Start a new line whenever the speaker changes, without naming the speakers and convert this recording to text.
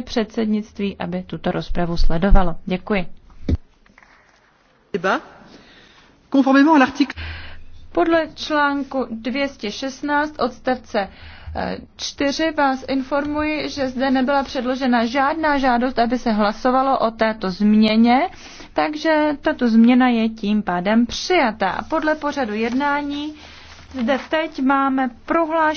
předsednictví, aby tuto rozpravu sledovalo. Děkuji.
Podle článku 216 odstavce 4 eh, vás informuji, že zde nebyla předložena žádná žádost, aby se hlasovalo o této změně, takže tato změna je tím pádem přijatá. Podle pořadu jednání zde teď máme
prohlášení.